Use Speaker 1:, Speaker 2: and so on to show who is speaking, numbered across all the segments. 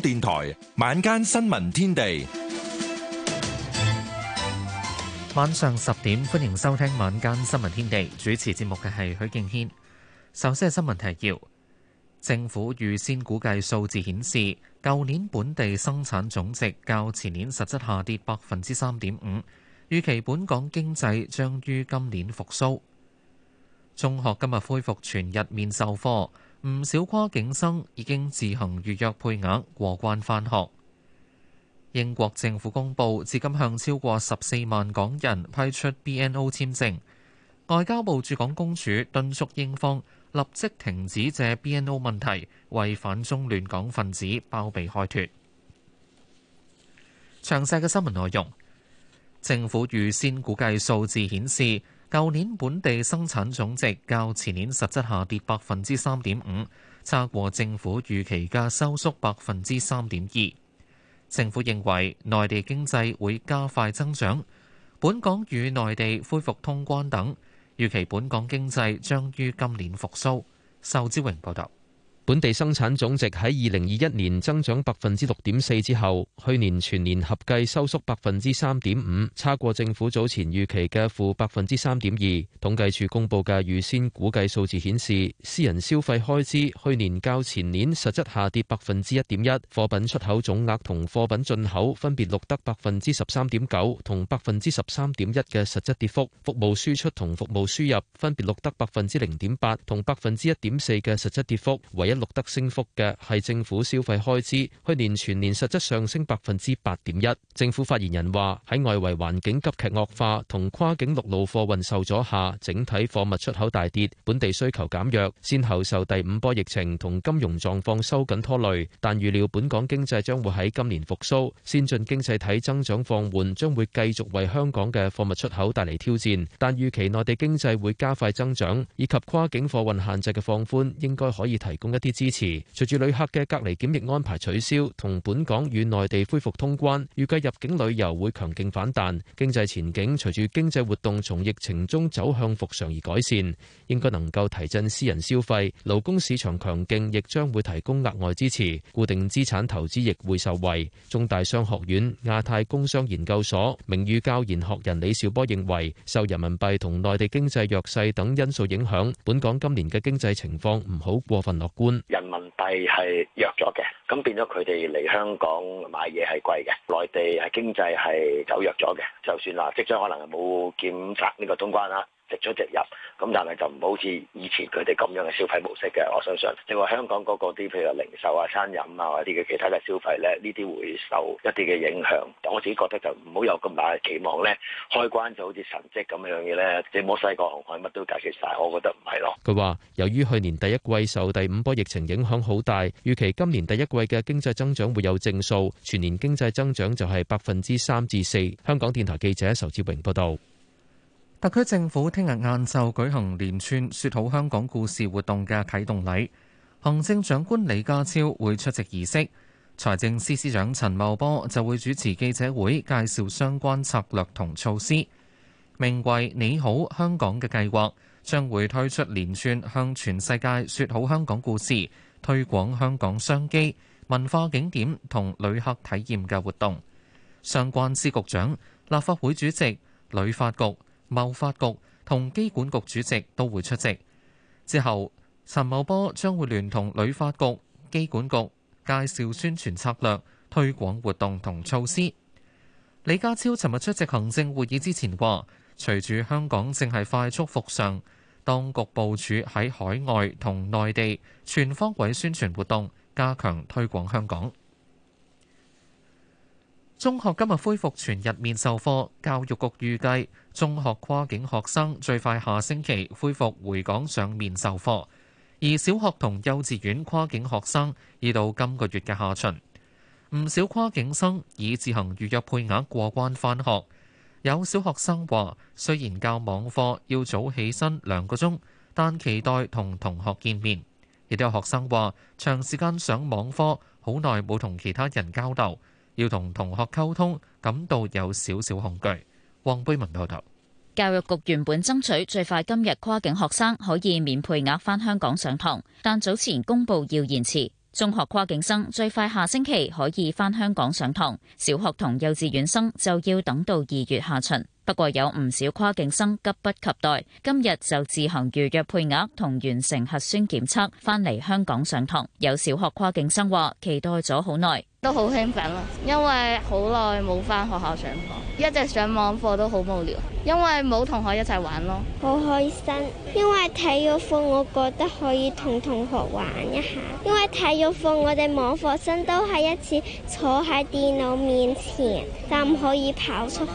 Speaker 1: 電台晚間新聞天地，晚上十點
Speaker 2: 歡迎收聽晚間新聞天地。主持節目嘅係許敬軒。首先係新聞提要：政府預先估計數字顯示，舊年本地生產總值較前年實質下跌百分之三點五。預期本港經濟將於今年復甦。中學今日恢復全日面授課。唔少跨境生已經自行預約配額過關返學。英國政府公布，至今向超過十四萬港人批出 BNO 簽證。外交部駐港公署敦促英方立即停止借 BNO 問題為反中亂港分子包庇開脱。詳細嘅新聞內容，政府預先估計數字顯示，舊年本地生產總值較前年實質下跌百分之三點五，差過政府預期嘅收縮百分之三點二。政府認為內地經濟會加快增長，本港與內地
Speaker 3: 恢復通關等，預期本港經濟將於今年復甦。仇志榮報道。本地生產總值喺二零二一年增長百分之六點四之後，去年全年合計收縮百分之三點五，差過政府早前預期嘅負百分之三點二。統計處公布嘅預先估計數字顯示，私人消費開支去年較前年實質下跌百分之一點一，貨品出口總額同貨品進口分別錄得百分之十三點九同百分之十三點一嘅實質跌幅，服務輸出同服務輸入分別錄得百分之零點八同百分之一點四嘅實質跌幅，唯一錄得升幅嘅係政府消費開支，去年全年實質上升百分之八點一。政府發言人話：喺外圍環境急劇惡化同跨境陸路貨運受阻下，整體貨物出口大跌，本地需求減弱，先後受第五波疫情同金融狀況收緊拖累。但預料本港經濟將會喺今年復蘇，先進經濟體增長放緩將會繼續為香港嘅貨物出口帶嚟挑戰。但預期內地經濟會加快增長，以及跨境貨運限制嘅放寬，應該可以提供一啲。支持，隨住旅客嘅隔離檢疫安排取消，同本港與內地恢復通關，預計入境旅遊會強勁反彈，經濟前景隨住經濟活動從疫情中走向復常而改善，應該能夠提振私人消費，勞工市場強勁亦將會提供額外支持，固定資產投資亦會受惠。中大商學院亞太工商研究所名譽教研學人李兆波認為，受人民幣同內地經濟弱勢等因素影響，本港今年嘅經濟情況唔好過分樂觀。
Speaker 4: 人民幣係弱咗嘅，咁變咗佢哋嚟香港買嘢係貴嘅。內地係經濟係走弱咗嘅，就算啦，即將可能係冇檢測呢個通關啦。直出直入，咁但係就唔好似以前佢哋咁樣嘅消費模式嘅。我相信正話香港嗰個啲，譬如話零售啊、餐飲啊，或啲嘅其他嘅消費咧，呢啲會受一啲嘅影響。但我自己覺得就唔好有咁大嘅期望咧，開關就好似神蹟咁樣嘅咧，即係摩西過紅海乜都解決晒。我覺得唔係咯。
Speaker 3: 佢話：由於去年第一季受第五波疫情影響好大，預期今年第一季嘅經濟增長會有正數，全年經濟增長就係百分之三至四。香港電台記者仇志榮報道。
Speaker 2: 特區政府聽日晏晝舉行連串說好香港故事活動嘅啟動禮，行政長官李家超會出席儀式，財政司司長陳茂波就會主持記者會，介紹相關策略同措施。名為“你好香港”嘅計劃將會推出連串向全世界說好香港故事、推廣香港商機、文化景點同旅客體驗嘅活動。相關司局長、立法會主席、旅發局。貿發局同機管局主席都會出席之後，陳茂波將會聯同旅發局、機管局介紹宣傳策略、推廣活動同措施。李家超尋日出席行政會議之前話，隨住香港正係快速復常，當局部署喺海外同內地全方位宣傳活動，加強推廣香港。中學今日恢復全日面授課，教育局預計中學跨境學生最快下星期恢復回港上面授課，而小學同幼稚園跨境學生已到今個月嘅下旬。唔少跨境生已自行預約配額過關返學。有小學生話：雖然教網課要早起身兩個鐘，但期待同同學見面。亦都有學生話：長時間上網課，好耐冇同其他人交流。要同同學溝通，感到有少少恐懼。黃貝文報道，
Speaker 5: 教育局原本爭取最快今日跨境學生可以免配額返香港上堂，但早前公佈要延遲。中學跨境生最快下星期可以返香港上堂，小學同幼稚園生就要等到二月下旬。不過有唔少跨境生急不及待，今日就自行預約配額同完成核酸檢測，返嚟香港上堂。有小學跨境生話：期待咗好耐，都好興奮啦，因
Speaker 6: 為好耐冇翻學校上課，一直上網課都好無聊，因為冇同學一齊玩咯。好開心，因為體育課我覺得可以同同學玩一下，因為體育課我哋網課生都係一次坐喺電腦面前，就唔可以跑出去。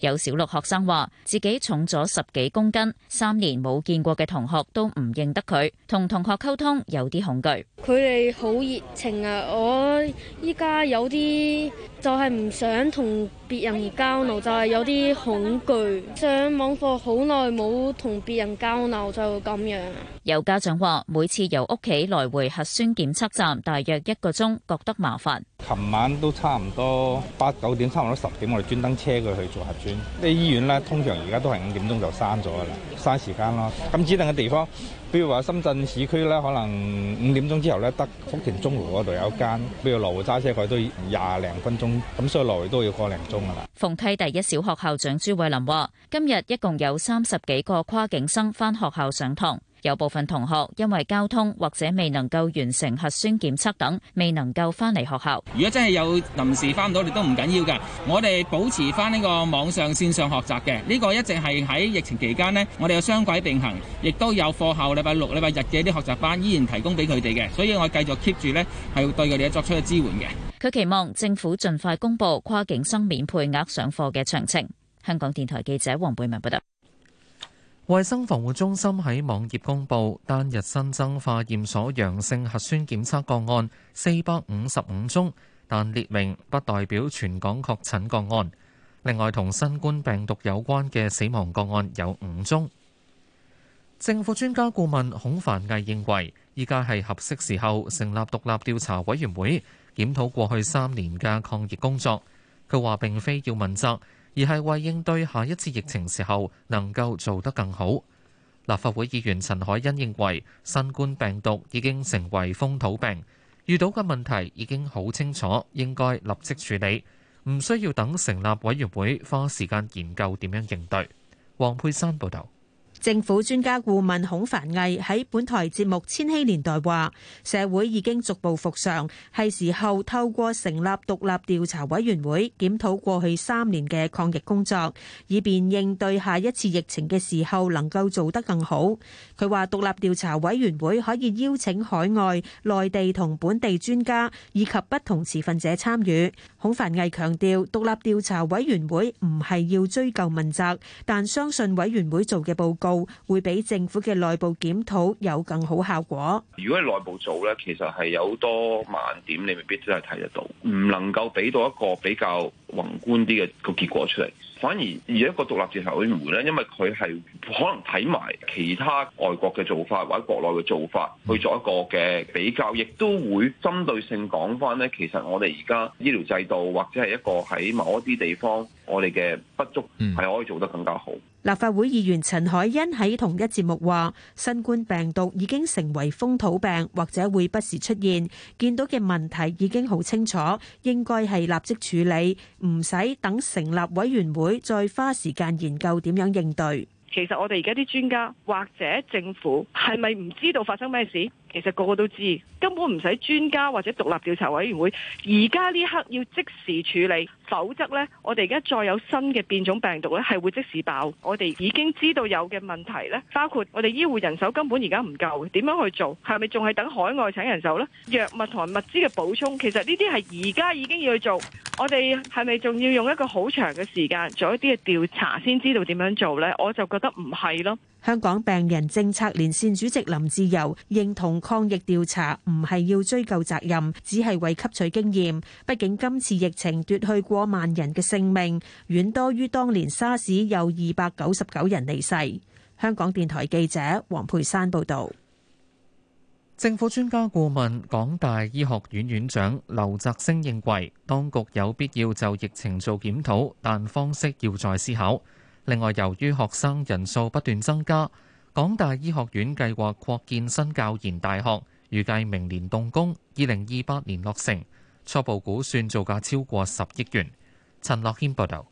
Speaker 5: 有小六學生話：自己重咗十幾公斤，三年冇見過嘅同學都唔認得佢，同同學溝通有啲恐懼。
Speaker 7: 佢哋好熱情啊，我依家有啲就係唔想同別人交流，就係有啲恐懼。上網課好耐冇同別人交流就咁樣。
Speaker 5: 有家長話：每次由屋企來回核酸檢測站，大約一個鐘，覺得麻煩。
Speaker 8: 琴晚都差唔多八九點，差唔多十點，我哋專登車佢去做核酸。啲醫院咧，通常而家都係五點鐘就閂咗噶啦，嘥時間咯。咁指定嘅地方，比如話深圳市區咧，可能五點鐘之後咧，得福田中路嗰度有一間。比如羅湖揸車佢都要廿零分鐘，咁所以羅湖都要過個零鐘噶啦。
Speaker 5: 鳳溪第一小學校長朱偉林話：今日一共有三十幾個跨境生翻學校上堂。有部分同學因為交通或者未能夠完成核酸檢測等，未能夠翻嚟學校。如果真係有臨時翻到，亦都唔緊要㗎。我哋保持翻呢個網上線上學習嘅，呢個一直係喺
Speaker 3: 疫情期間呢，我哋有雙軌並行，亦都有課後禮拜六禮拜日嘅啲學習班依然提供俾佢哋嘅，所以我繼續 keep 住呢，係對佢哋作出支援嘅。
Speaker 5: 佢期望政府盡快公布跨境生免配額上課嘅詳情。香港電台記者黃貝文報道。
Speaker 2: 衛生防護中心喺網頁公布單日新增化驗所陽性核酸檢測個案四百五十五宗，但列明不代表全港確診個案。另外，同新冠病毒有關嘅死亡個案有五宗。政府專家顧問孔繁毅認為，依家係合適時候成立獨立調查委員會，檢討過去三年嘅抗疫工作。佢話並非要問責。而係為應對下一次疫情時候能夠做得更好。立法會議員陳海欣認為，新冠病毒已經成為風土病，遇到嘅問題已經好清楚，應該立即處理，唔需要等成立委員會花時間研究點樣應對。黃佩珊報道。
Speaker 9: 政府專家顧問孔繁毅喺本台節目《千禧年代》話：社會已經逐步復常，係時候透過成立獨立調查委員會，檢討過去三年嘅抗疫工作，以便應對下一次疫情嘅時候能夠做得更好。佢話：獨立調查委員會可以邀請海外、內地同本地專家以及不同持份者參與。孔繁毅強調，獨立調查委員會唔係要追究問責，但相信委員會做嘅報告會比政府嘅內部檢討有更好效果。
Speaker 8: 如果喺內部做咧，其實係有多盲點，你未必真係睇得到，唔能夠俾到一個比較宏觀啲嘅個結果出嚟。反而而一個獨立調查委員會咧，因為佢係可能睇埋其他外國嘅做法或者國內嘅做法，去做一個嘅比較，亦都會針對性講翻咧。其實我哋而家醫療制度或者係一個喺某一啲地方我哋嘅不足，係可以做得更加好。
Speaker 9: 立法會議員陳海欣喺同一節目話：新冠病毒已經成為風土病，或者會不時出現。見到嘅問題已經好清楚，應該係立即處理，唔使等成立委員會再花時間研究點樣應對。
Speaker 6: 其實我哋而家啲專家或者政府係咪唔知道發生咩事？其實個個都知，根本唔使專家或者獨立調查委員會。而家呢刻要即時處理，否則呢，我哋而家再有新嘅變種病毒呢，係會即時爆。我哋已經知道有嘅問題呢，包括我哋醫護人手根本而家唔夠，點樣去做？係咪仲係等海外請人手呢？藥物同埋物資嘅補充，其實呢啲係而家已經要去做。我哋係咪仲要用一個好長嘅時間做一啲嘅調查，先知道點樣做呢？我就覺得唔係咯。
Speaker 9: 香港病人政策連線主席林志釉認同抗疫調查唔係要追究責任，只係為吸取經驗。畢竟今次疫情奪去過萬人嘅性命，遠多於當年沙士有二百九十九人離世。香港電台記者黃佩山報道。政
Speaker 2: 府專家顧問港大醫學院院院長劉澤星認為，當局有必要就疫情做檢討，但方式要再思考。另外，由於學生人數不斷增加，港大醫學院計劃擴建新教研大學，預計明年動工，二零二八年落成，初步估算造價超過
Speaker 1: 十億元。陳樂軒報導。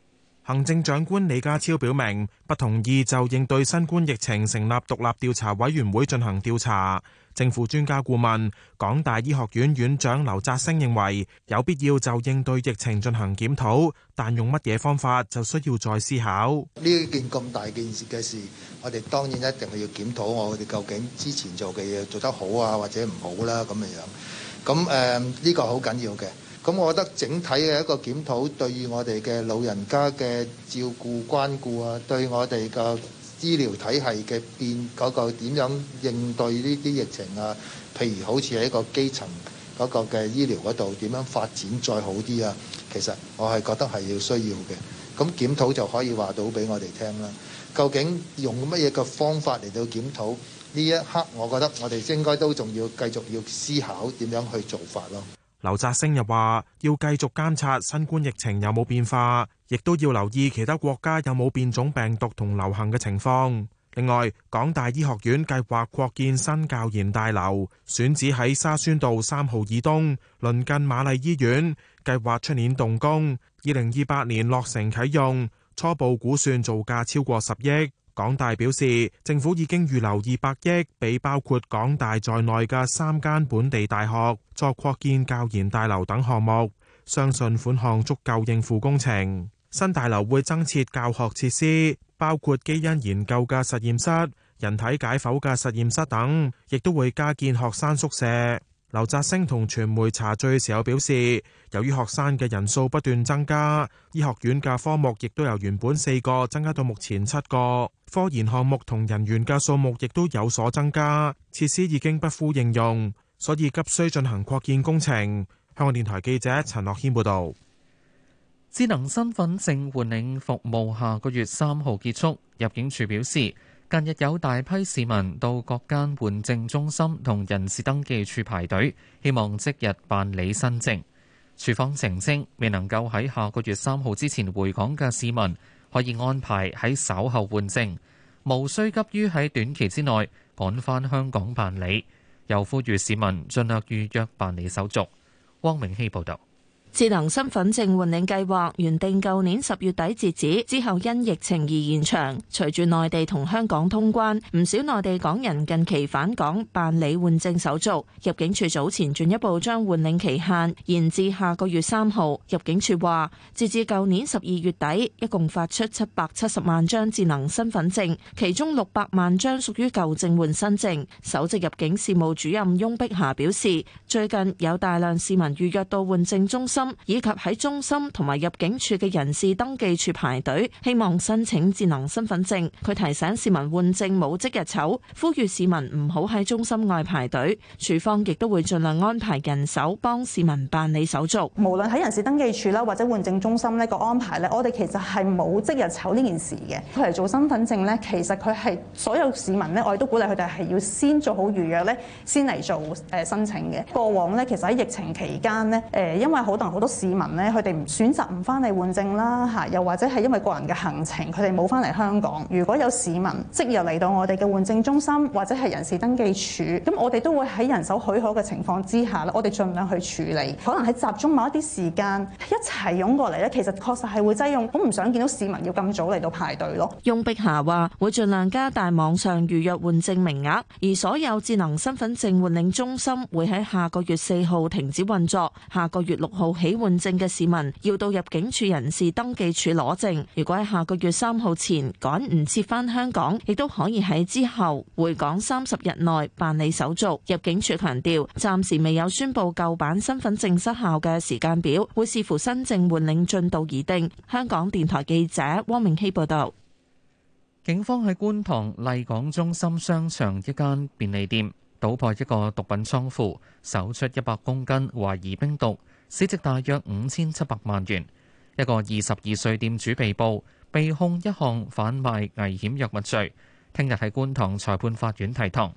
Speaker 1: 行政長官李家超表明不同意就應對新冠疫情成立獨立調查委員會進行調查。政府專家顧問、港大醫學院院長劉澤星認為有必要就應對疫情進行檢討，但用乜嘢方法就需要再思考。
Speaker 4: 呢件咁大件事嘅事，我哋當然一定係要檢討我哋究竟之前做嘅嘢做得好啊或者唔好啦咁樣樣。咁誒呢個好緊要嘅。咁我覺得整體嘅一個檢討，對於我哋嘅老人家嘅照顧關顧啊，對我哋個醫療體系嘅變嗰個點樣應對呢啲疫情啊，譬如好似喺個基層嗰個嘅醫療嗰度點樣發展再好啲啊，其實我係覺得係要需要嘅。咁檢討就可以話到俾我哋聽啦。究竟用乜嘢嘅方法嚟到檢討呢一刻？我覺得我哋應該都仲要繼續要思考點樣去做法咯。
Speaker 1: 劉澤星又話，要繼續監察新冠疫情有冇變化，亦都要留意其他國家有冇變種病毒同流行嘅情況。另外，港大醫學院計劃擴建新教研大樓，選址喺沙宣道三號以東，鄰近瑪麗醫院，計劃出年動工，二零二八年落成啟用，初步估算造價超過十億。港大表示，政府已經預留二百億俾包括港大在內嘅三間本地大學作擴建、教研大樓等項目。相信款項足夠應付工程。新大樓會增設教學設施，包括基因研究嘅實驗室、人體解剖嘅實驗室等，亦都會加建學生宿舍。劉澤星同傳媒茶敘時候表示，由於學生嘅人數不斷增加，醫學院嘅科目亦都由原本四個增加到目前七個，科研項目同人員嘅數目亦都有所增加，設施已經不敷應用，所以急需進行擴建工程。香港電台記者陳樂謙報道。智能身份證換領服務下個月三號結束，入境
Speaker 2: 處表示，近日有大批市民到各間換證中心同人事登記處排隊，希望即日辦理新證。處方澄清，未能夠喺下個月三號之前回港嘅市民，可以安排喺稍後換證，無需急於喺短期之內趕翻香港辦理。又呼籲市民盡量預約辦理手續。汪明希報道。
Speaker 10: 智能身份證換領計劃原定舊年十月底截止，之後因疫情而延長，隨住內地同香港通關，唔少內地港人近期返港辦理換證手續，入境處早前進一步將換領期限延至下個月三號。入境處話，截至舊年十二月底，一共發出七百七十萬張智能身份證，其中六百萬張屬於舊證換新證。首席入境事務主任翁碧霞表示，最近有大量市民預約到換證中心。以及喺中心同埋入境處嘅人事登記處排隊，希望申請智能身份證。佢提醒市民換證冇即日籌，呼籲市民唔好喺中心外排隊。署方亦都會盡量安排人手幫市民辦理手續。無論喺人事登記處啦，或
Speaker 11: 者換證中心呢個安排咧，我哋其實係冇即日籌呢件事嘅。佢嚟做身份證咧，其實佢係所有市民咧，我哋都鼓勵佢哋係要先做好預約咧，先嚟做誒申請嘅。過往咧，其實喺疫情期間咧，誒因為好多。好多市民呢，佢哋唔選擇唔翻嚟換證啦，吓，又或者係因為個人嘅行程，佢哋冇翻嚟香港。如果有市民即日嚟到我哋嘅換證中心，或者係人事登記處，咁我哋都會喺人手許可嘅情況之下呢，我哋盡量去處理。可能喺集中某一啲時間一齊湧過嚟呢，其實確實係會擠擁，我唔想見到市民要咁早嚟到排隊咯。
Speaker 10: 翁碧霞話會盡量加大網上預約換證名額，而所有智能身份證換領中心會喺下個月四號停止運作，下個月六號起起換證嘅市民要到入境處人士登記處攞證。如果喺下個月三號前趕唔切返香港，亦都可以喺之後回港三十日內辦理手續。入境處強調，暫時未有宣布舊版身份證失效嘅時間表，會視乎新證換領進度而定。香港電台記者汪明希報道。警方
Speaker 2: 喺觀塘麗港中心商場一間便利店搗破一個毒品倉庫，搜出一百公斤懷疑冰毒。市值大約五千七百萬元，一個二十二歲店主被捕，被控一項販賣危險藥物罪，聽日喺觀塘裁判法院提堂。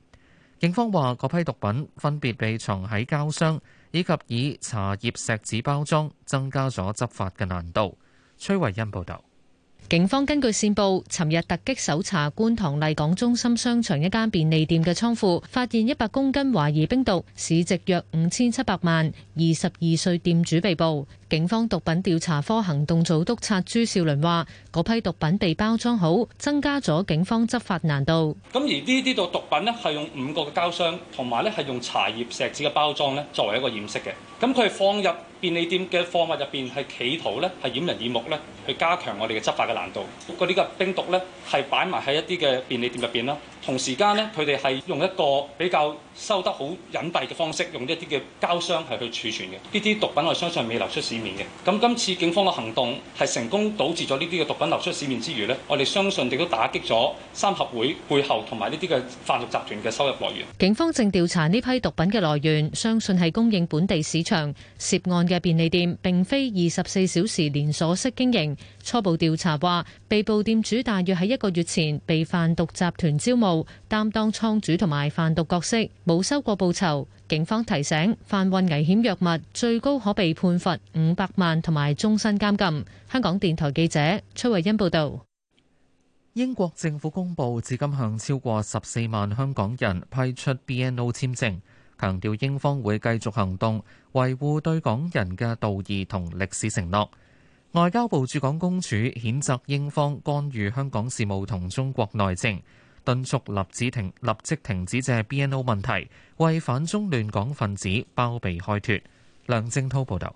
Speaker 2: 警方話，嗰批毒品分別被藏喺膠箱，以及以茶葉錫紙包裝，增加咗執法嘅難度。崔慧恩報道。
Speaker 12: 警方根據線報，尋日突擊搜查觀塘麗港中心商場一間便利店嘅倉庫，發現一百公斤懷疑冰毒，市值約五千七百萬，二十二歲店主被捕。警方毒品調查科行動組督察朱少麟話，批毒品被包裝好，增加咗警方執法難度。
Speaker 2: 咁而呢啲毒品呢，係用五個嘅膠箱，同埋咧係用茶葉、錫紙嘅包裝咧，作為一個掩飾嘅。咁佢放入便利店嘅貨物入邊，係企圖咧係掩人耳目咧，去加強我哋嘅執法嘅難度。不過呢個冰毒咧，係擺埋喺一啲嘅便利店入邊啦。同時間呢，佢哋係用一個比較收得好隱蔽嘅方式，用一啲嘅膠箱係去儲存嘅。呢啲毒品我相信未流出市。咁今次警方嘅行動係成功，導致咗呢啲嘅毒品流出市面之餘呢，我哋相信亦都打擊咗三合會背後同埋呢啲嘅販毒集團嘅收入來源。
Speaker 12: 警方正調查呢批毒品嘅來源，相信係供應本地市場。涉案嘅便利店並非二十四小時連鎖式經營。初步調查話，被捕店主大約喺一個月前被販毒集團招募，擔當倉主同埋販毒角色，冇收過報酬。警方提醒，販運危險藥物最高可被判罰五百萬同埋終身監禁。香港電台記者崔慧欣報道，
Speaker 2: 英國政府公布至今向超過十四萬香港人批出 BNO 簽證，強調英方會繼續行動，維護對港人嘅道義同歷史承諾。外交部駐港公署譴責英方干預香港事務同中國內政。敦促立即停，立即停止借 BNO 問題，為反中亂港分子包庇開脫。梁正濤報道。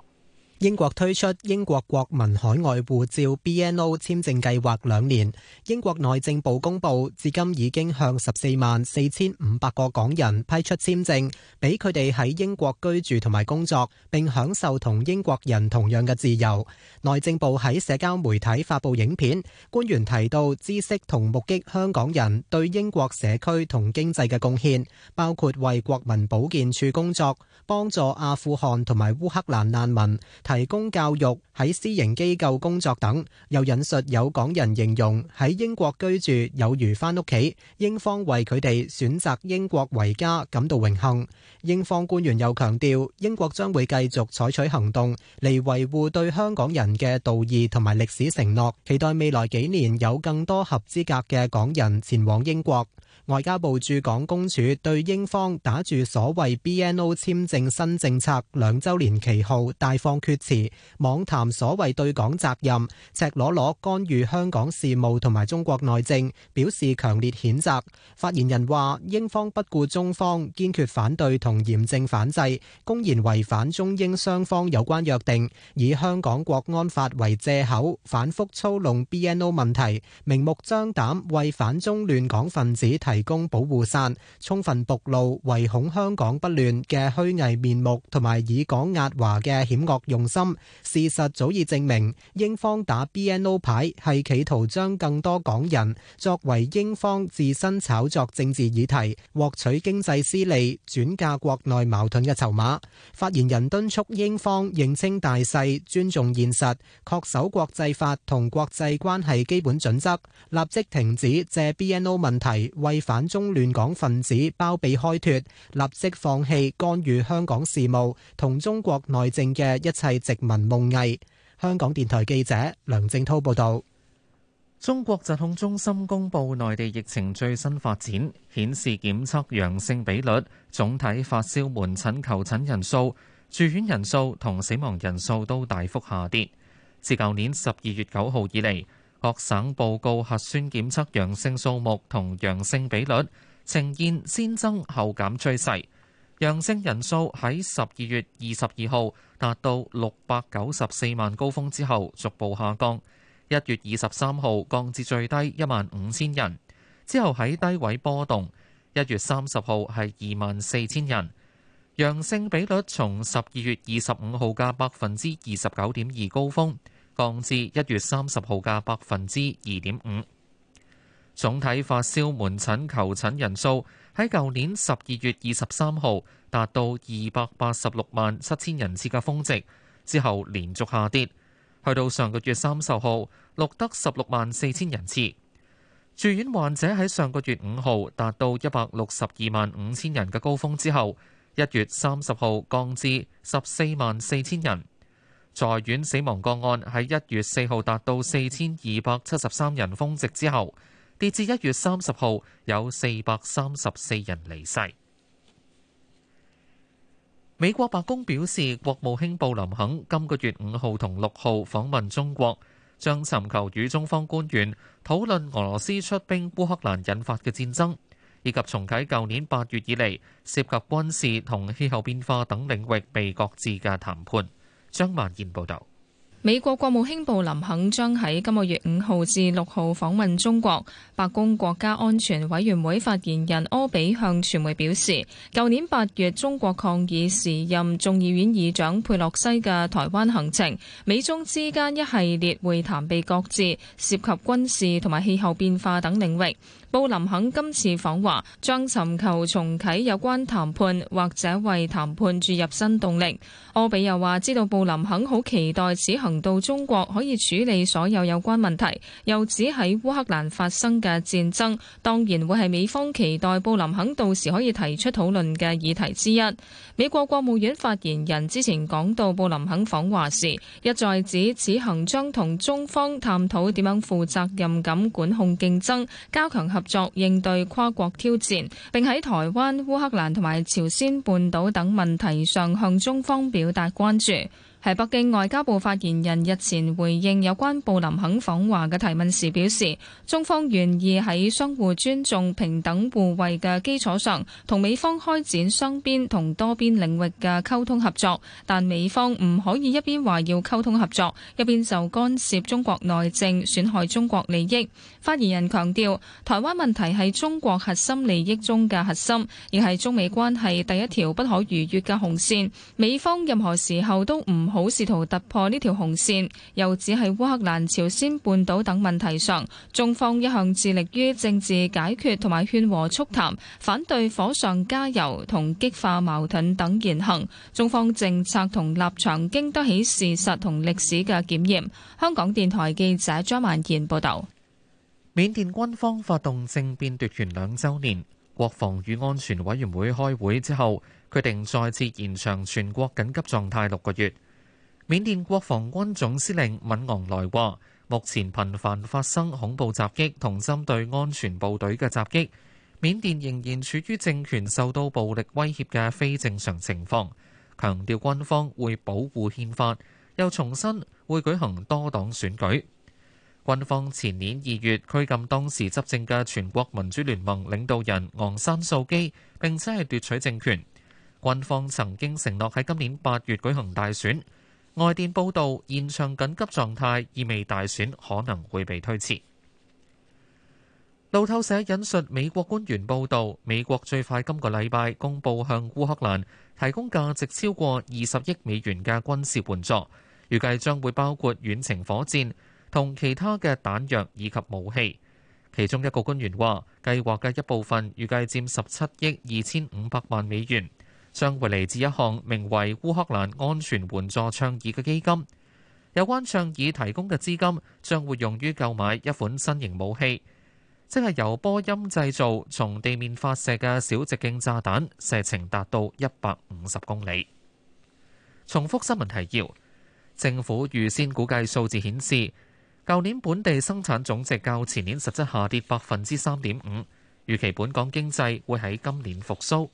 Speaker 13: 英國推出英國國民海外護照 （BNO） 簽證計劃兩年，英國內政部公布至今已經向十四萬四千五百個港人批出簽證，俾佢哋喺英國居住同埋工作，並享受同英國人同樣嘅自由。內政部喺社交媒體發布影片，官員提到知識同目擊香港人對英國社區同經濟嘅貢獻，包括為國民保健處工作、幫助阿富汗同埋烏克蘭難民。提供教育、喺私營機構工作等，又引述有港人形容喺英國居住有如翻屋企，英方為佢哋選擇英國為家感到榮幸。英方官員又強調，英國將會繼續採取行動嚟維護對香港人嘅道義同埋歷史承諾，期待未來幾年有更多合資格嘅港人前往英國。外交部駐港公署對英方打著所謂 BNO 簽證新政策兩週年旗號，大放厥詞，妄談所謂對港責任，赤裸裸干預香港事務同埋中國內政，表示強烈譴責。發言人話：英方不顧中方堅決反對同嚴正反制，公然違反中英雙方有關約定，以香港國安法為藉口，反覆操弄 BNO 問題，明目張膽為反中亂港分子提提供保護傘，充分暴露唯恐香港不亂嘅虛偽面目，同埋以港壓華嘅險惡用心。事實早已證明，英方打 BNO 牌係企圖將更多港人作為英方自身炒作政治議題、獲取經濟私利、轉嫁國內矛盾嘅籌碼。發言人敦促英方認清大勢，尊重現實，恪守國際法同國際關係基本準則，立即停止借 BNO 問題為反中亂港分子包庇開脫，立即放棄干預香港事務，同中國內政嘅一切殖民夢囈。香港電台記者梁正濤報道。中國疾控中心公佈內地
Speaker 2: 疫情最新發展，顯示檢測陽性比率、總體發燒門診求診人數、住院人數同死亡人數都大幅下跌。自舊年十二月九號以嚟。各省報告核酸檢測陽性數目同陽性比率呈現先增後減趨勢，陽性人數喺十二月二十二號達到六百九十四萬高峰之後逐步下降，一月二十三號降至最低一萬五千人，之後喺低位波動，一月三十號係二萬四千人。陽性比率從十二月二十五號嘅百分之二十九點二高峰，降至一月三十號嘅百分之二點五。總體發燒門診求診人數喺舊年十二月二十三號達到二百八十六萬七千人次嘅峰值之後，連續下跌，去到上個月三十號錄得十六萬四千人次。住院患者喺上個月五號達到一百六十二萬五千人嘅高峰之後，一月三十號降至十四萬四千人。在院死亡個案喺一月四號達到四千二百七十三人峰值之後，跌至一月三十號有四百三十四人離世。美國白宮表示，國務卿布林肯今個月五號同六號訪問中國，將尋求與中方官員討論俄羅斯出兵烏克蘭引發嘅戰爭，以及重啟舊年八月以嚟涉及軍事同氣候變化等領域被擱置嘅談判。張曼燕報道，
Speaker 6: 美國國務卿布林肯將喺今個月五號至六號訪問中國。白宮國家安全委員會發言人柯比向傳媒表示，舊年八月中國抗議時任眾議院議長佩洛西嘅台灣行程，美中之間一系列會談被擱置，涉及軍事同埋氣候變化等領域。布林肯今次訪華將尋求重啟有關談判，或者為談判注入新動力。奧比又話知道布林肯好期待此行到中國可以處理所有有關問題，又指喺烏克蘭發生嘅戰爭當然會係美方期待布林肯到時可以提出討論嘅議題之一。美國國務院發言人之前講到布林肯訪華時一再指此行將同中方探討點樣負責任咁管控競爭，加強合合作應對跨國挑戰，並喺台灣、烏克蘭同埋朝鮮半島等問題上向中方表達關注。係北京外交部發言人日前回應有關布林肯訪華嘅提問時表示，中方願意喺相互尊重、平等互惠嘅基礎上，同美方開展雙邊同多邊領域嘅溝通合作，但美方唔可以一邊話要溝通合作，一邊就干涉中國內政、損害中國利益。發言人強調，台灣問題係中國核心利益中嘅核心，亦係中美關係第一條不可逾越嘅紅線，美方任何時候都唔好試圖突破呢條紅線。又指喺烏克蘭、朝鮮半島等問題上，中方一向致力於政治解決同埋，勸和促談，反對火上加油同激化矛盾等言行。中方政策同立場經得起事實同歷史嘅檢驗。香港電台記者張萬健報道。
Speaker 2: 緬甸軍方發動政變奪權兩周年，國防與安全委員會開會之後決定再次延長全國緊急狀態六個月。緬甸國防軍總司令敏昂萊話：目前頻繁發生恐怖襲擊同針對安全部隊嘅襲擊，緬甸仍然處於政權受到暴力威脅嘅非正常情況。強調軍方會保護憲法，又重申會舉行多黨選舉。軍方前年二月拘禁當時執政嘅全國民主聯盟領導人昂山素基，並且係奪取政權。軍方曾經承諾喺今年八月舉行大選。外電報道現場緊急狀態意味大選可能會被推遲。路透社引述美國官員報道，美國最快今個禮拜公布向烏克蘭提供價值超過二十億美元嘅軍事援助，預計將會包括遠程火箭同其他嘅彈藥以及武器。其中一個官員話計劃嘅一部分預計佔十七億二千五百萬美元。將會嚟自一項名為烏克蘭安全援助倡議嘅基金。有關倡議提供嘅資金將會用於購買一款新型武器，即係由波音製造、從地面發射嘅小直徑炸彈，射程達到一百五十公里。重複新聞提要：政府預先估計數字顯示，舊年本地生產總值較前年實質下跌百分之三點五，預期本港經濟會喺今年復甦。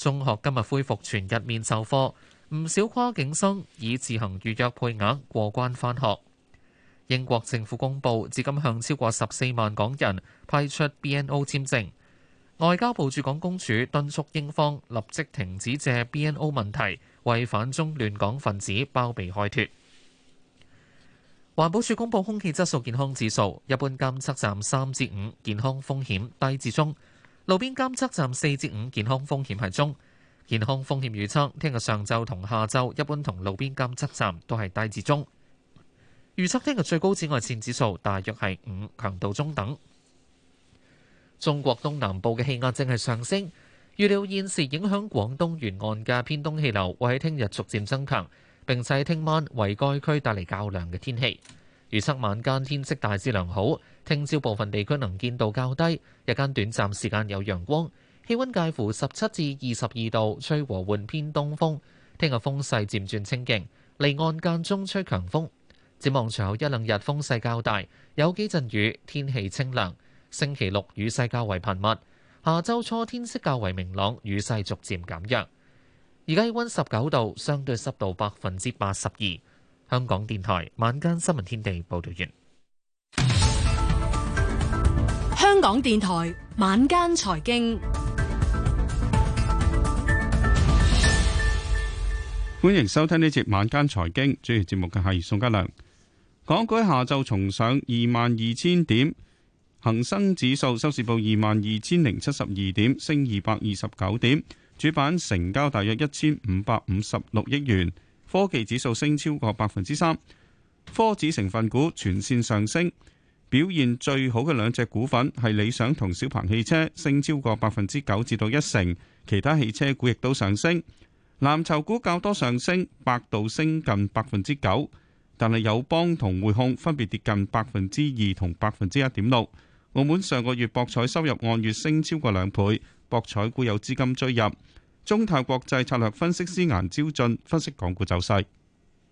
Speaker 2: 中學今日恢復全日面授課，唔少跨境生已自行預約配額過關翻學。英國政府公布，至今向超過十四萬港人派出 BNO 簽證。外交部駐港公署敦促英方立即停止借 BNO 問題為反中亂港分子包庇開脫。環保署公布空氣質素健康指數，一般監測站三至五，健康風險低至中。路邊監測站四至五，健康風險係中，健康風險預測聽日上晝同下晝一般同路邊監測站都係低至中。預測聽日最高紫外線指數大約係五，強度中等。中國東南部嘅氣壓正係上升，預料現時影響廣東沿岸嘅偏東氣流會喺聽日逐漸增強，並且喺聽晚為該區帶嚟較涼嘅天氣。預測晚間天色大致良好，聽朝部分地區能見度較低，日間短暫時間有陽光，氣溫介乎十七至二十二度，吹和緩偏東風。聽日風勢漸轉清勁，離岸間中吹強風。展望隨後一兩日風勢較大，有幾陣雨，天氣清涼。星期六雨勢較為頻密，下周初天色較為明朗，雨勢逐漸減弱。而家氣溫十九度，相對濕度百分之八十二。香港電台晚間新聞天地報道完。
Speaker 12: 香港電台晚間財經，
Speaker 8: 歡迎收聽呢節晚間財經，主持節目嘅係宋嘉良。港股下晝重上二萬二千點，恒生指數收市報二萬二千零七十二點，升二百二十九點，主板成交大約一千五百五十六億元。科技指數升超過百分之三，科指成分股全綫上升，表現最好嘅兩隻股份係理想同小鵬汽車，升超過百分之九至到一成，其他汽車股亦都上升。藍籌股較多上升，百度升近百分之九，但係友邦同匯控分別跌近百分之二同百分之一點六。澳門上個月博彩收入按月升超過兩倍，博彩股有資金追入。中泰國際策略分析師顏招駿分析港股走勢，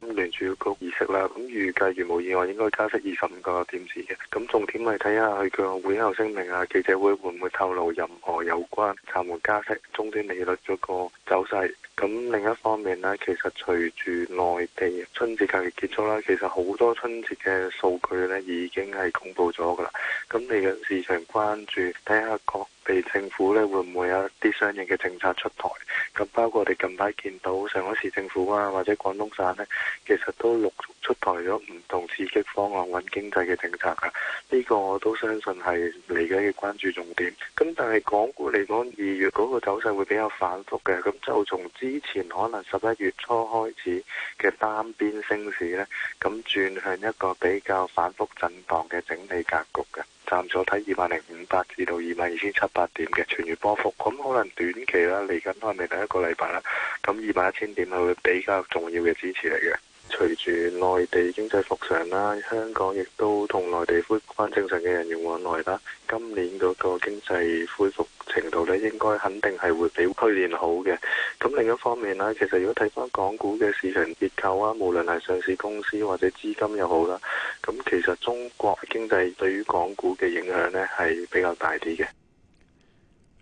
Speaker 4: 聯儲局議息啦，咁預計如無意外應該加息二十五個點子嘅。咁重點係睇下佢嘅會後聲明啊，記者會會唔會透露任何有關暫緩加息、終端利率嗰個走勢？咁另一方面呢，其實隨住內地春節假期結束啦，其實好多春節嘅數據呢已經係公布咗噶啦。咁你嘅市場關注睇下各地政府呢會唔會有一啲相應嘅政策出台？咁包括我哋近排見到上海市政府啊，或者廣東省呢，其實都陸續出台咗唔同刺激方案穩經濟嘅政策噶、啊。呢、呢個我都相信係嚟緊嘅關注重點。咁但係港股嚟講，二月嗰個走勢會比較反覆嘅。咁就從之之前可能十一月初開始嘅單邊升市呢，咁轉向一個比較反覆震盪嘅整理格局嘅。暫咗睇二萬零五百至到二萬二千七八點嘅全月波幅，咁可能短期啦，嚟緊都係未來一個禮拜啦，咁二萬一千點係會比較重要嘅支持嚟嘅。隨住內地經濟復常啦，香港亦都同內地恢返正常嘅人員往來啦，今年嗰個經濟恢復程度呢，應該肯定係會比去年好嘅。咁另一方面啦，其實如果睇翻港股嘅市場結構啊，無論係上市公司或者資金又好啦，咁其實中國經濟對於港股嘅影響呢，係比較大啲嘅。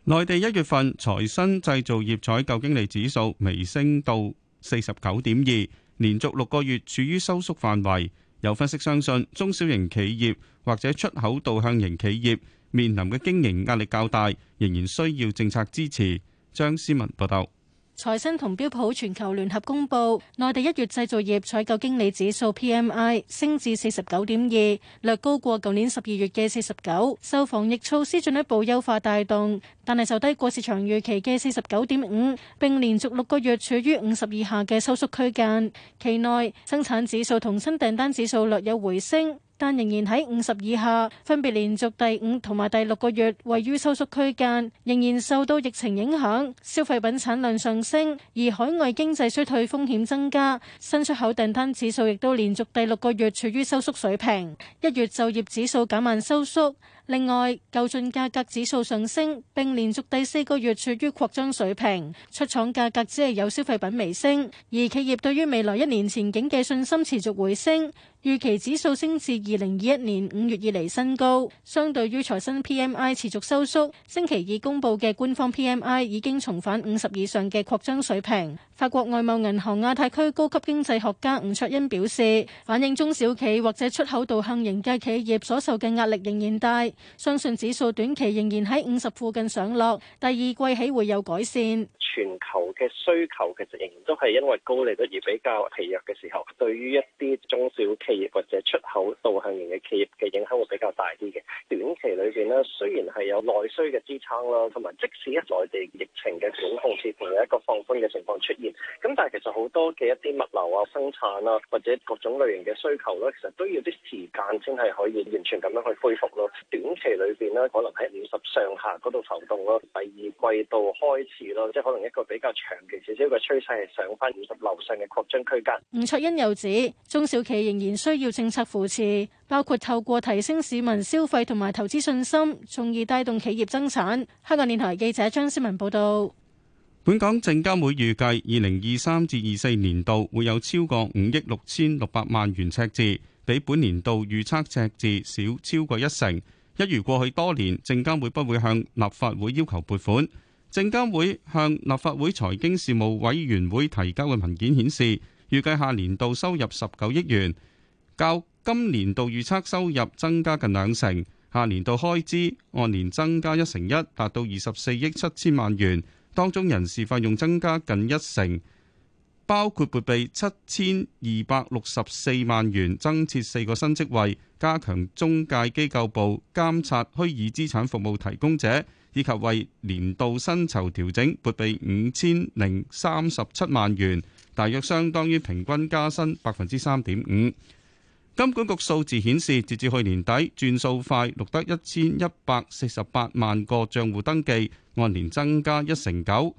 Speaker 8: 內地一月份財新製造業採購經理指數微升到四十九點二。連續六個月處於收縮範圍，有分析相信中小型企業或者出口導向型企業面臨嘅經營壓力較大，仍然需要政策支持。張思文報道。
Speaker 7: 財新同標普全球聯合公布，內地一月製造業採購經理指數 PMI 升至四十九點二，略高過舊年十二月嘅四十九，受防疫措施進一步優化帶動，但係就低過市場預期嘅四十九點五，並連續六個月處於五十以下嘅收縮區間。期內生產指數同新訂單指數略有回升。但仍然喺五十以下，分別連續第五同埋第六個月位於收縮區間，仍然受到疫情影響。消費品產量上升，而海外經濟衰退風險增加，新出口訂單指數亦都連續第六個月處於收縮水平。一月就業指數減慢收縮。另外，購進價格指數上升並連續第四個月處於擴張水平，出廠價格只係有消費品微升，而企業對於未來一年前景嘅信心持續回升，預期指數升至二零二一年五月以嚟新高。相對於財新 PMI 持續收縮，星期二公佈嘅官方 PMI 已經重返五十以上嘅擴張水平。法國外貿銀行亞太區高級經濟學家吳卓恩表示，反映中小企或者出口導向型嘅企業所受嘅壓力仍然大。相信指數短期仍然喺五十附近上落，第二季起會有改善。
Speaker 4: 全球嘅需求其實仍然都係因為高利率而比較疲弱嘅時候，對於一啲中小企業或者出口導向型嘅企業嘅影響會比較大啲嘅。短期裏邊呢，雖然係有內需嘅支撐啦，同埋即使一內地疫情嘅管控似乎有一個放寬嘅情況出現，咁但係其實好多嘅一啲物流啊、生產啊或者各種類型嘅需求咧，其實都要啲時間先係可以完全咁樣去恢復咯。短期裏邊咧，可能喺五十上下嗰度浮動咯；第二季度開始咯，即係可能一個比較長期少少嘅趨勢，係上翻五十樓上嘅擴張區間。
Speaker 7: 吳卓欣又指，中小企仍然需要政策扶持，包括透過提升市民消費同埋投資信心，從而帶動企業增產。香港電台記者張思文報道。
Speaker 8: 本港證監會預計，二零二三至二四年度會有超過五億六千六百萬元赤字，比本年度預測赤字少超過一成。一如過去多年，證監會不會向立法會要求撥款。證監會向立法會財經事務委員會提交嘅文件顯示，預計下年度收入十九億元，較今年度預測收入增加近兩成。下年度開支按年增加一成一，達到二十四億七千萬元，當中人事費用增加近一成，包括撥備七千二百六十四萬元，增設四個新職位。加強中介機構部監察虛擬資產服務提供者，以及為年度薪酬調整撥備五千零三十七萬元，大約相當於平均加薪百分之三點五。金管局數字顯示，截至去年底，轉數快錄得一千一百四十八萬個帳戶登記，按年增加一成九。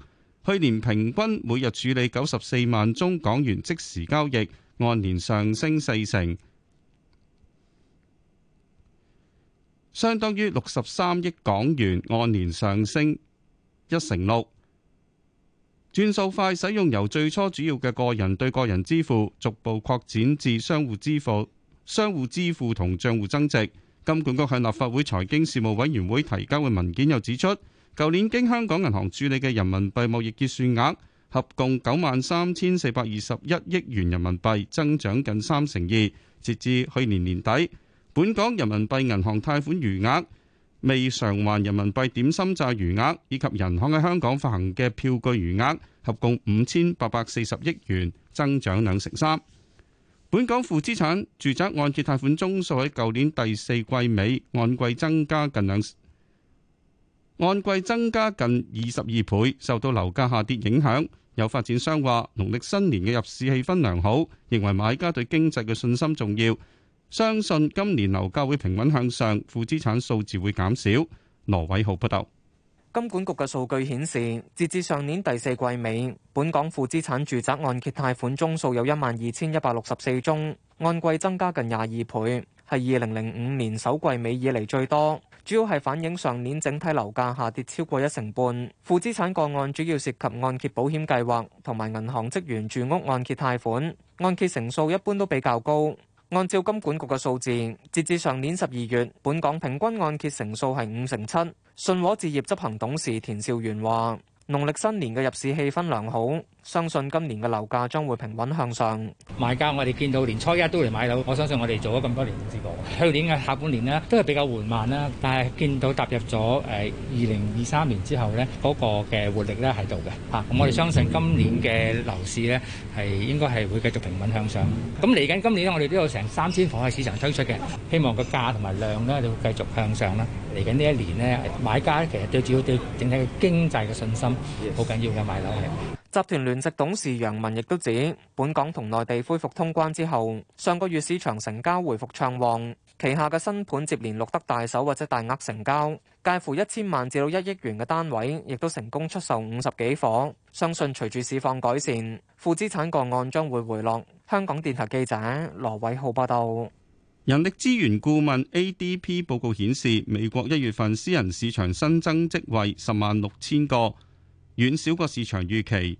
Speaker 8: 去年平均每日處理九十四萬宗港元即時交易，按年上升四成。相當於六十三億港元，按年上升一成六。轉數快，使用由最初主要嘅個人對個人支付，逐步擴展至商戶支付、商戶支付同帳戶增值。金管局向立法會財經事務委員會提交嘅文件又指出，舊年經香港銀行處理嘅人民幣貿易結算額合共九萬三千四百二十一億元人民幣，增長近三成二，截至去年年底。本港人民幣銀行貸款餘額、未償還人民幣點心債餘額以及銀行喺香港發行嘅票據餘額合共五千八百四十億元，增長兩成三。本港負資產住宅按揭貸款中數喺舊年第四季尾按季增加近兩，按季增加近二十二倍。受到樓價下跌影響，有發展商話，農曆新年嘅入市氣氛良好，認為買家對經濟嘅信心重要。相信今年樓價會平穩向上，負資產數字會減少。羅偉浩報道，
Speaker 14: 金管局嘅數據顯示，截至上年第四季尾，本港負資產住宅按揭貸款宗數有一萬二千一百六十四宗，按季增加近廿二倍，係二零零五年首季尾以嚟最多。主要係反映上年整體樓價下跌超過一成半，負資產個案主要涉及按揭保險計劃同埋銀行職員住屋按揭貸款，按揭成數一般都比較高。按照金管局嘅數字，截至上年十二月，本港平均按揭成數係五成七。信和置業執行董事田兆元話農曆新年嘅入市氣氛良好。相信今年嘅樓價將會平穩向上。買家，我哋見到年初一都嚟買樓，我相信我哋做
Speaker 2: 咗咁多年冇試過。去年嘅下半年呢，都係比較緩慢啦，但係見到踏入咗誒二零二三年之後呢，嗰個嘅活力呢喺度嘅嚇。咁我哋相信今年嘅樓市呢，係應該係會繼續平穩向上。咁嚟緊今年呢，我哋都有成三千房喺市場推出嘅，希望個價同埋量呢，就會繼續向上啦。嚟緊呢一年呢，買家其實最主要對整體嘅經濟嘅信心好緊要嘅，買樓係。集團聯席
Speaker 14: 董事楊文亦都指，本港同內地恢復通關之後，上個月市場成交回復暢旺，旗下嘅新盤接連錄得大手或者大額成交，介乎一千萬至到一億元嘅單位，亦都成功出售五十幾伙。相信隨住市況改善，負資產個案將會回落。香港電台記者羅偉浩報道。
Speaker 8: 人力資源顧問 ADP 報告顯示，美國一月份私人市場新增職位十萬六千個。遠少過市場預期。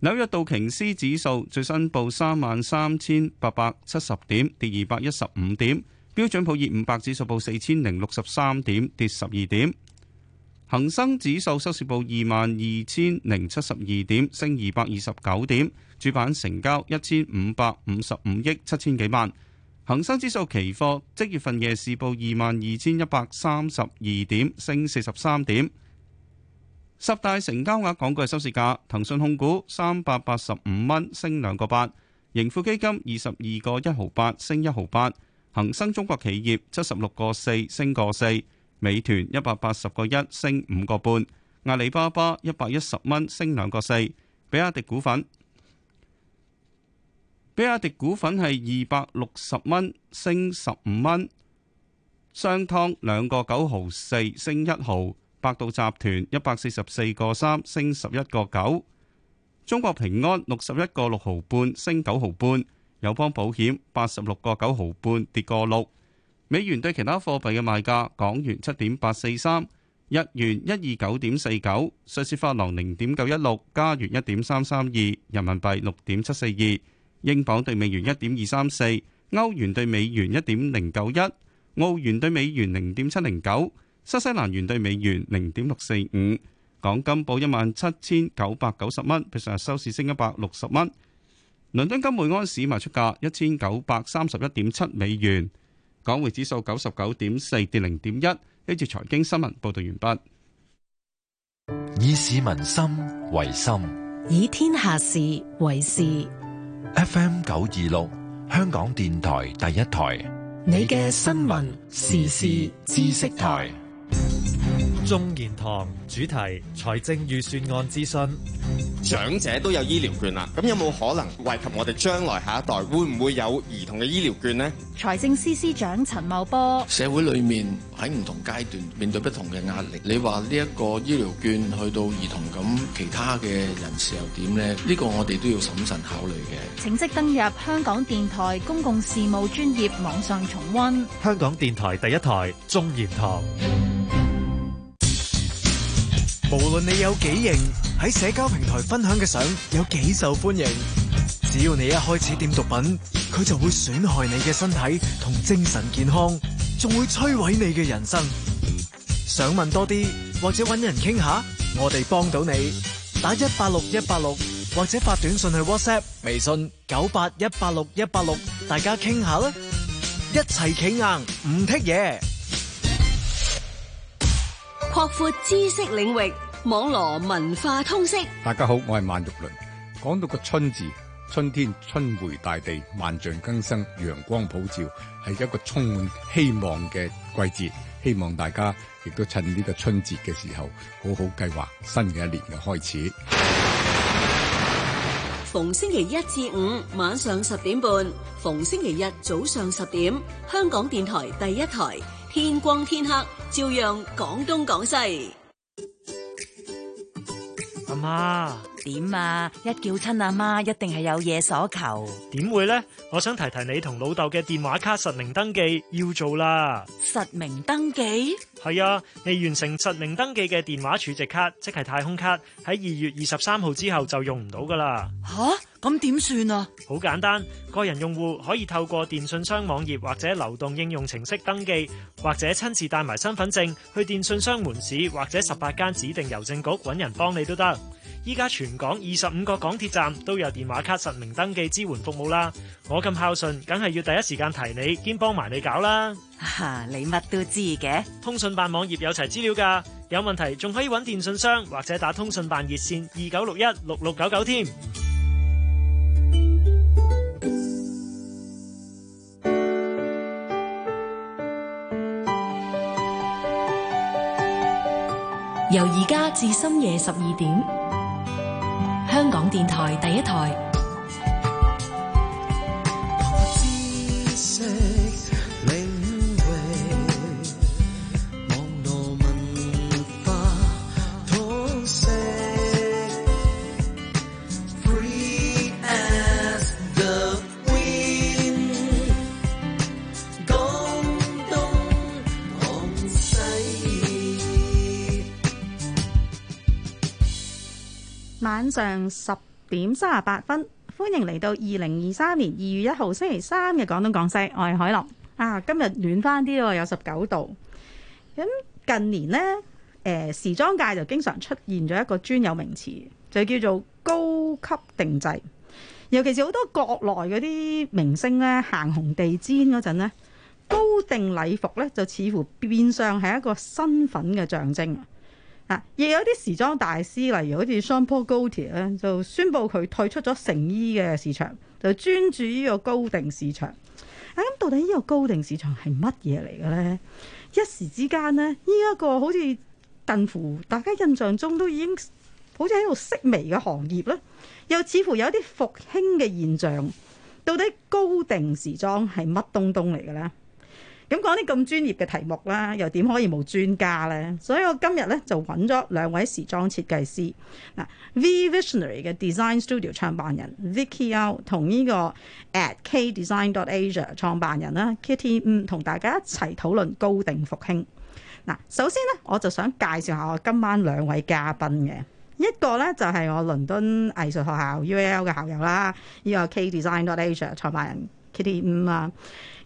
Speaker 8: 紐約道瓊斯指數最新報三萬三千八百七十點，跌二百一十五點。標準普爾五百指數報四千零六十三點，跌十二點。恒生指數收市報二萬二千零七十二點，升二百二十九點。主板成交一千五百五十五億七千幾萬。恒生指數期貨即月份夜市報二萬二千一百三十二點，升四十三點。十大成交額港股嘅收市價：騰訊控股三百八十五蚊，升兩個八；盈富基金二十二個一毫八，升一毫八；恒生中國企業七十六個四，升個四；美團一百八十個一，升五個半；阿里巴巴一百一十蚊，升兩個四；比亞迪股份，比亞迪股份係二百六十蚊，升十五蚊；商湯兩個九毫四，升一毫。百度集團一百四十四個三，升十一個九，中國平安六十一個六毫半，升九毫半，友邦保險八十六個九毫半，跌個六。美元對其他貨幣嘅賣價：港元七點八四三，日元一二九點四九，瑞士法郎零點九一六，加元一點三三二，人民幣六點七四二，英鎊對美元一點二三四，歐元對美元一點零九一，澳元對美元零點七零九。新西蘭元兌美元零點六四五，港金報一萬七千九百九十蚊，比上日收市升一百六十蚊。倫敦金每安市賣出價一千九百三十一點七美元，港匯指數九十九點四跌零點一。呢節財經新聞報道完畢。以市民心為心，以
Speaker 12: 天下事為事。F.M. 九二六，香港電台第一台，你嘅新聞時事知識
Speaker 1: 台。
Speaker 2: 中研堂主題財政預算案諮詢，長者
Speaker 14: 都有醫療券啦，咁有冇可能惠及我哋將來下一代？會唔會有兒童嘅醫療券呢？
Speaker 5: 財政司司長陳茂波，
Speaker 14: 社會裏面喺唔同階段面對不同嘅壓力，你話呢一個醫療券去到兒童，咁其他嘅人士又點呢？
Speaker 2: 呢個我哋都要審慎考慮嘅。
Speaker 6: 請即登入香港電台公共事務專業網上重溫。
Speaker 3: 香港電台第一台中研堂。.無論你有幾型，喺社交平台分享嘅相有幾受歡迎，只要你一開始掂毒品，佢就會損害你嘅身體同精神健康，仲會摧毀你嘅人生。想問多啲或者揾人傾下，我哋幫到你，打一八六一八六或者發短信去 WhatsApp、微信九八一八六一八六，大家傾下啦，
Speaker 9: 一齊企硬唔剔嘢。擴闊知識領域，網羅文化通識。
Speaker 8: 大家好，我係萬玉麟。講到個春字，春天春回大地，萬象更新，陽光普照，係一個充滿希望嘅季節。希望大家亦都趁呢個春節嘅時候，好好計劃新嘅一年嘅開始。
Speaker 9: 逢星期一至五晚上十點半，逢星期日早上十點，香港電台第一台。天光天黑，照樣講東
Speaker 10: 講西。
Speaker 6: 阿媽。點啊！一
Speaker 14: 叫親阿媽，一定係有嘢所求。點會呢？我想提提你同老豆嘅電話卡實名登記要做啦。實名登記？係啊，未完成實名登記嘅電話儲值卡即係太空卡，喺二月二十三號之後就用唔到噶啦。吓？
Speaker 10: 咁點算啊？
Speaker 14: 好簡單，個人用戶可以透過電信商網頁或者流動應用程式登記，或者親自帶埋身份證去電信商門市或者十八間指定郵政局揾人幫你都得。依家全港二十五個港鐵站都有電話卡實名登記支援服務啦！我咁孝順，梗係要第一時間提你，兼幫埋你搞啦！哈哈、啊，你乜都知嘅？通訊辦網頁有齊資料噶有問題仲可以揾電信商或者打通訊辦熱線二九六一六六九九添。
Speaker 12: 由而家至深夜十二點。香港電台第一台。
Speaker 11: 晚上十點三十八分，歡迎嚟到二零二三年二月一號星期三嘅廣東廣西，我係海龍。啊，今日暖翻啲喎，有十九度。咁近年呢，誒時裝界就經常出現咗一個專有名詞，就叫做高級定製。尤其是好多國內嗰啲明星咧，行紅地氈嗰陣咧，高定禮服呢就似乎變相係一個身份嘅象徵。亦有啲時裝大師，例如好似 Jean Paul Gaultier 咧，就宣布佢退出咗成衣嘅市場，就專注於個高定市場。咁到底呢個高定市場係乜嘢嚟嘅咧？一時之間呢，呢一個好似近乎大家印象中都已經好似喺度式微嘅行業咧，又似乎有啲復興嘅現象。到底高定時裝係乜東東嚟嘅咧？咁講啲咁專業嘅題目啦，又點可以冇專家呢？所以我今日咧就揾咗兩位時裝設計師，嗱 V Visionary 嘅 Design Studio 創辦人 Vikio 同呢個 At K Design .Asia 創辦人啦 Kitty 五，同大家一齊討論高定復興。嗱，首先呢，我就想介紹下我今晚兩位嘉賓嘅，一個呢，就係我倫敦藝術學
Speaker 6: 校 UAL 嘅校友啦，呢、呢個 K Design .Asia 創辦人 Kitty 五啊。